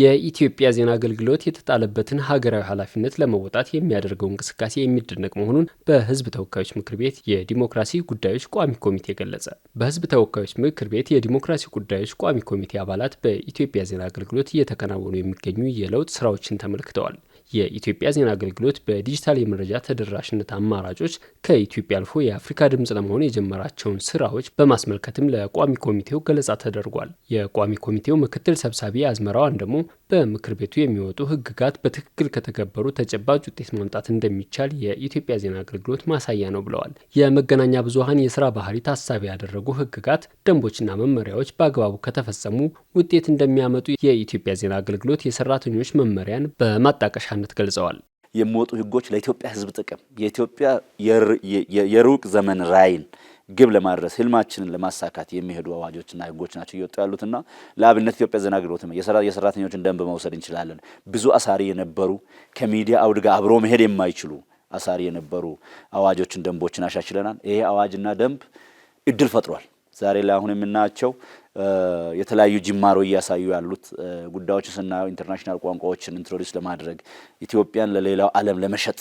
የኢትዮጵያ ዜና አገልግሎት የተጣለበትን ሀገራዊ ኃላፊነት ለመወጣት የሚያደርገው እንቅስቃሴ የሚደነቅ መሆኑን በሕዝብ ተወካዮች ምክር ቤት የዲሞክራሲ ጉዳዮች ቋሚ ኮሚቴ ገለጸ። በሕዝብ ተወካዮች ምክር ቤት የዲሞክራሲ ጉዳዮች ቋሚ ኮሚቴ አባላት በኢትዮጵያ ዜና አገልግሎት እየተከናወኑ የሚገኙ የለውጥ ስራዎችን ተመልክተዋል። የኢትዮጵያ ዜና አገልግሎት በዲጂታል የመረጃ ተደራሽነት አማራጮች ከኢትዮጵያ አልፎ የአፍሪካ ድምፅ ለመሆን የጀመራቸውን ስራዎች በማስመልከትም ለቋሚ ኮሚቴው ገለጻ ተደርጓል። የቋሚ ኮሚቴው ምክትል ሰብሳቢ አዝመራዋን ደግሞ በምክር ቤቱ የሚወጡ ህግጋት በትክክል ከተገበሩ ተጨባጭ ውጤት ማምጣት እንደሚቻል የኢትዮጵያ ዜና አገልግሎት ማሳያ ነው ብለዋል። የመገናኛ ብዙሀን የስራ ባህሪ ታሳቢ ያደረጉ ህግጋት ደንቦችና መመሪያዎች በአግባቡ ከተፈጸሙ ውጤት እንደሚያመጡ የኢትዮጵያ ዜና አገልግሎት የሰራተኞች መመሪያን በማጣቀሻ በአንድነት ገልጸዋል። የሚወጡ ህጎች ለኢትዮጵያ ህዝብ ጥቅም የኢትዮጵያ የሩቅ ዘመን ራይን ግብ ለማድረስ ህልማችንን ለማሳካት የሚሄዱ አዋጆችና ህጎች ናቸው እየወጡ ያሉትና ለአብነት ኢትዮጵያ ዜና አገልግሎትም የሰራተኞችን ደንብ መውሰድ እንችላለን። ብዙ አሳሪ የነበሩ ከሚዲያ አውድ ጋር አብሮ መሄድ የማይችሉ አሳሪ የነበሩ አዋጆችን፣ ደንቦችን አሻሽለናል። ይሄ አዋጅና ደንብ እድል ፈጥሯል። ዛሬ ላይ አሁን የምናያቸው የተለያዩ ጅማሮ እያሳዩ ያሉት ጉዳዮች ስናየው ኢንተርናሽናል ቋንቋዎችን ኢንትሮዲስ ለማድረግ ኢትዮጵያን ለሌላው ዓለም ለመሸጥ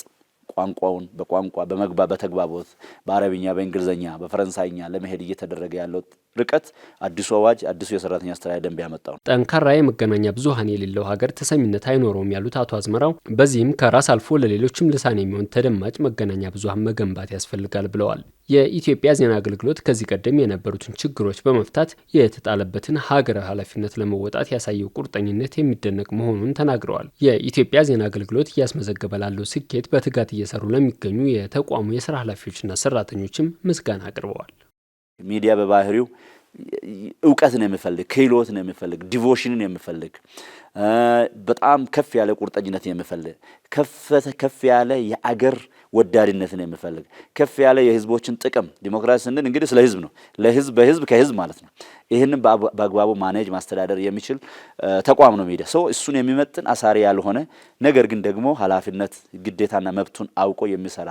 ቋንቋውን በቋንቋ በመግባ በተግባቦት በአረብኛ፣ በእንግሊዝኛ፣ በፈረንሳይኛ ለመሄድ እየተደረገ ያለው ርቀት አዲሱ አዋጅ አዲሱ የሰራተኛ አስተዳደር ደንብ ያመጣው ነው። ጠንካራ የመገናኛ ብዙሃን የሌለው ሀገር ተሰሚነት አይኖረውም ያሉት አቶ አዝመራው በዚህም ከራስ አልፎ ለሌሎችም ልሳን የሚሆን ተደማጭ መገናኛ ብዙሃን መገንባት ያስፈልጋል ብለዋል። የኢትዮጵያ ዜና አገልግሎት ከዚህ ቀደም የነበሩትን ችግሮች በመፍታት የተጣለበትን ሀገር ኃላፊነት ለመወጣት ያሳየው ቁርጠኝነት የሚደነቅ መሆኑን ተናግረዋል። የኢትዮጵያ ዜና አገልግሎት እያስመዘገበ ላለው ስኬት በትጋት እየሰሩ ለሚገኙ የተቋሙ የስራ ኃላፊዎችና ሰራተኞችም ምስጋና አቅርበዋል። ሚዲያ በባህሪው እውቀት ነው የምፈልግ፣ ክህሎት ነው የሚፈልግ፣ ዲቮሽንን የምፈልግ በጣም ከፍ ያለ ቁርጠኝነት የምፈልግ ከፍ ያለ የአገር ወዳድነትን የምፈልግ ከፍ ያለ የህዝቦችን ጥቅም ዲሞክራሲ ስንል እንግዲህ ስለ ህዝብ ነው። ለህዝብ በህዝብ ከህዝብ ማለት ነው። ይህንን በአግባቡ ማኔጅ ማስተዳደር የሚችል ተቋም ነው ሚዲያ። ሰው እሱን የሚመጥን አሳሪ ያልሆነ ነገር ግን ደግሞ ኃላፊነት ግዴታና መብቱን አውቆ የሚሰራ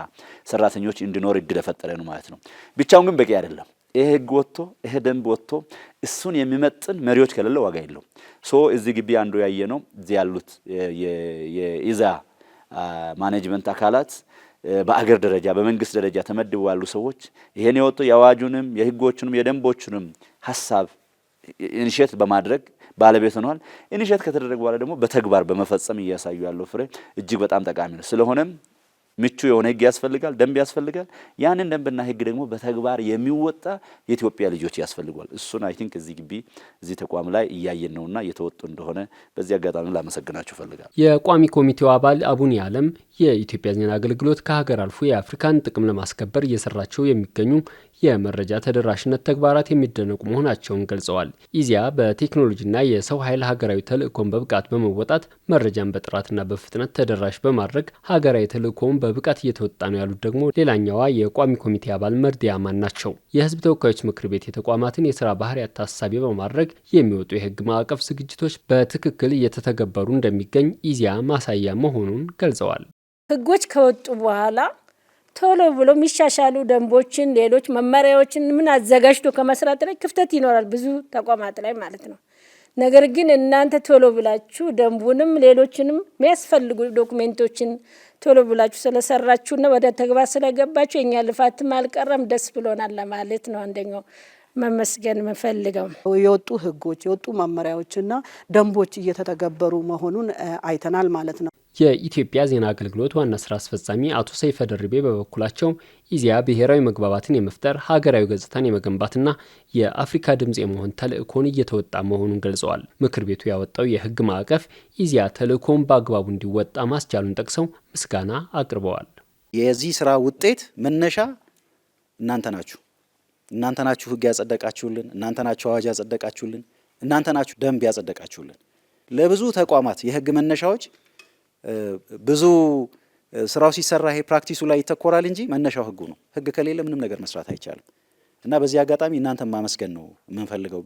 ሰራተኞች እንዲኖር እድል የፈጠረ ነው ማለት ነው። ብቻውን ግን በቂ አይደለም። ይሄ ህግ ወጥቶ ይሄ ደንብ ወጥቶ እሱን የሚመጥን መሪዎች ከሌለ ዋጋ የለው ሶ እዚህ ግቢ አንዱ ያየ ነው እዚህ ያሉት የኢዛ ማኔጅመንት አካላት በአገር ደረጃ በመንግስት ደረጃ ተመድበው ያሉ ሰዎች ይሄን የወጡ የአዋጁንም የህጎቹንም የደንቦቹንም ሀሳብ ኢኒሼት በማድረግ ባለቤት ሆኗል። ኢኒሼት ከተደረገ በኋላ ደግሞ በተግባር በመፈጸም እያሳዩ ያለው ፍሬ እጅግ በጣም ጠቃሚ ነው። ስለሆነም ምቹ የሆነ ህግ ያስፈልጋል፣ ደንብ ያስፈልጋል። ያንን ደንብና ህግ ደግሞ በተግባር የሚወጣ የኢትዮጵያ ልጆች ያስፈልጓል። እሱን አይ ቲንክ እዚህ ግቢ እዚህ ተቋም ላይ እያየን ነውና እየተወጡ እንደሆነ በዚህ አጋጣሚ ላመሰግናችሁ ፈልጋል። የቋሚ ኮሚቴው አባል አቡኒ አለም የኢትዮጵያ ዜና አገልግሎት ከሀገር አልፎ የአፍሪካን ጥቅም ለማስከበር እየሰራቸው የሚገኙ የመረጃ ተደራሽነት ተግባራት የሚደነቁ መሆናቸውን ገልጸዋል። ኢዚያ በቴክኖሎጂና የሰው ኃይል ሀገራዊ ተልእኮን በብቃት በመወጣት መረጃን በጥራትና በፍጥነት ተደራሽ በማድረግ ሀገራዊ ተልእኮውን በብቃት እየተወጣ ነው ያሉት ደግሞ ሌላኛዋ የቋሚ ኮሚቴ አባል መርዲያማን ናቸው። የህዝብ ተወካዮች ምክር ቤት የተቋማትን የስራ ባህሪያት ታሳቢ በማድረግ የሚወጡ የህግ ማዕቀፍ ዝግጅቶች በትክክል እየተተገበሩ እንደሚገኝ ኢዚያ ማሳያ መሆኑን ገልጸዋል። ህጎች ከወጡ በኋላ ቶሎ ብሎ የሚሻሻሉ ደንቦችን፣ ሌሎች መመሪያዎችን ምን አዘጋጅቶ ከመስራት ላይ ክፍተት ይኖራል ብዙ ተቋማት ላይ ማለት ነው። ነገር ግን እናንተ ቶሎ ብላችሁ ደንቡንም ሌሎችንም የሚያስፈልጉ ዶክሜንቶችን ቶሎ ብላችሁ ስለሰራችሁና ወደ ተግባር ስለገባችሁ የኛ ልፋትም አልቀረም፣ ደስ ብሎናል ለማለት ነው አንደኛው መመስገን የምፈልገው የወጡ ህጎች የወጡ መመሪያዎችና ደንቦች እየተተገበሩ መሆኑን አይተናል ማለት ነው። የኢትዮጵያ ዜና አገልግሎት ዋና ስራ አስፈጻሚ አቶ ሰይፈ ደርቤ በበኩላቸው ኢዜአ ብሔራዊ መግባባትን የመፍጠር ሀገራዊ ገጽታን የመገንባትና የአፍሪካ ድምፅ የመሆን ተልእኮን እየተወጣ መሆኑን ገልጸዋል። ምክር ቤቱ ያወጣው የሕግ ማዕቀፍ ኢዜአ ተልእኮን በአግባቡ እንዲወጣ ማስቻሉን ጠቅሰው ምስጋና አቅርበዋል። የዚህ ስራ ውጤት መነሻ እናንተ ናችሁ። እናንተ ናችሁ ህግ ያጸደቃችሁልን፣ እናንተ ናችሁ አዋጅ ያጸደቃችሁልን፣ እናንተ ናችሁ ደንብ ያጸደቃችሁልን። ለብዙ ተቋማት የህግ መነሻዎች ብዙ ስራው ሲሰራ ይሄ ፕራክቲሱ ላይ ይተኮራል እንጂ መነሻው ህጉ ነው። ህግ ከሌለ ምንም ነገር መስራት አይቻልም። እና በዚህ አጋጣሚ እናንተን ማመስገን ነው የምንፈልገው።